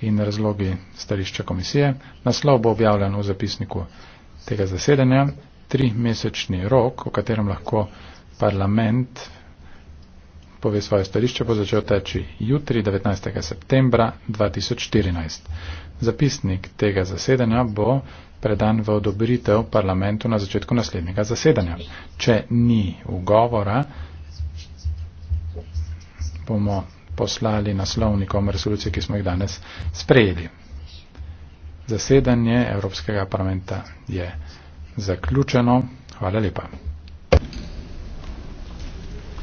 in razlogi stališča komisije. Naslov bo objavljen v zapisniku tega zasedanja. Tri mesečni rok, v katerem lahko parlament pove svoje stališče, bo začel teči jutri 19. septembra 2014. Zapisnik tega zasedanja bo predan v odobritev parlamentu na začetku naslednjega zasedanja. Če ni ugovora, bomo poslali naslovnikom resolucije, ki smo jih danes sprejeli. Zasedanje Evropskega parlamenta je zaključeno. Hvala lepa.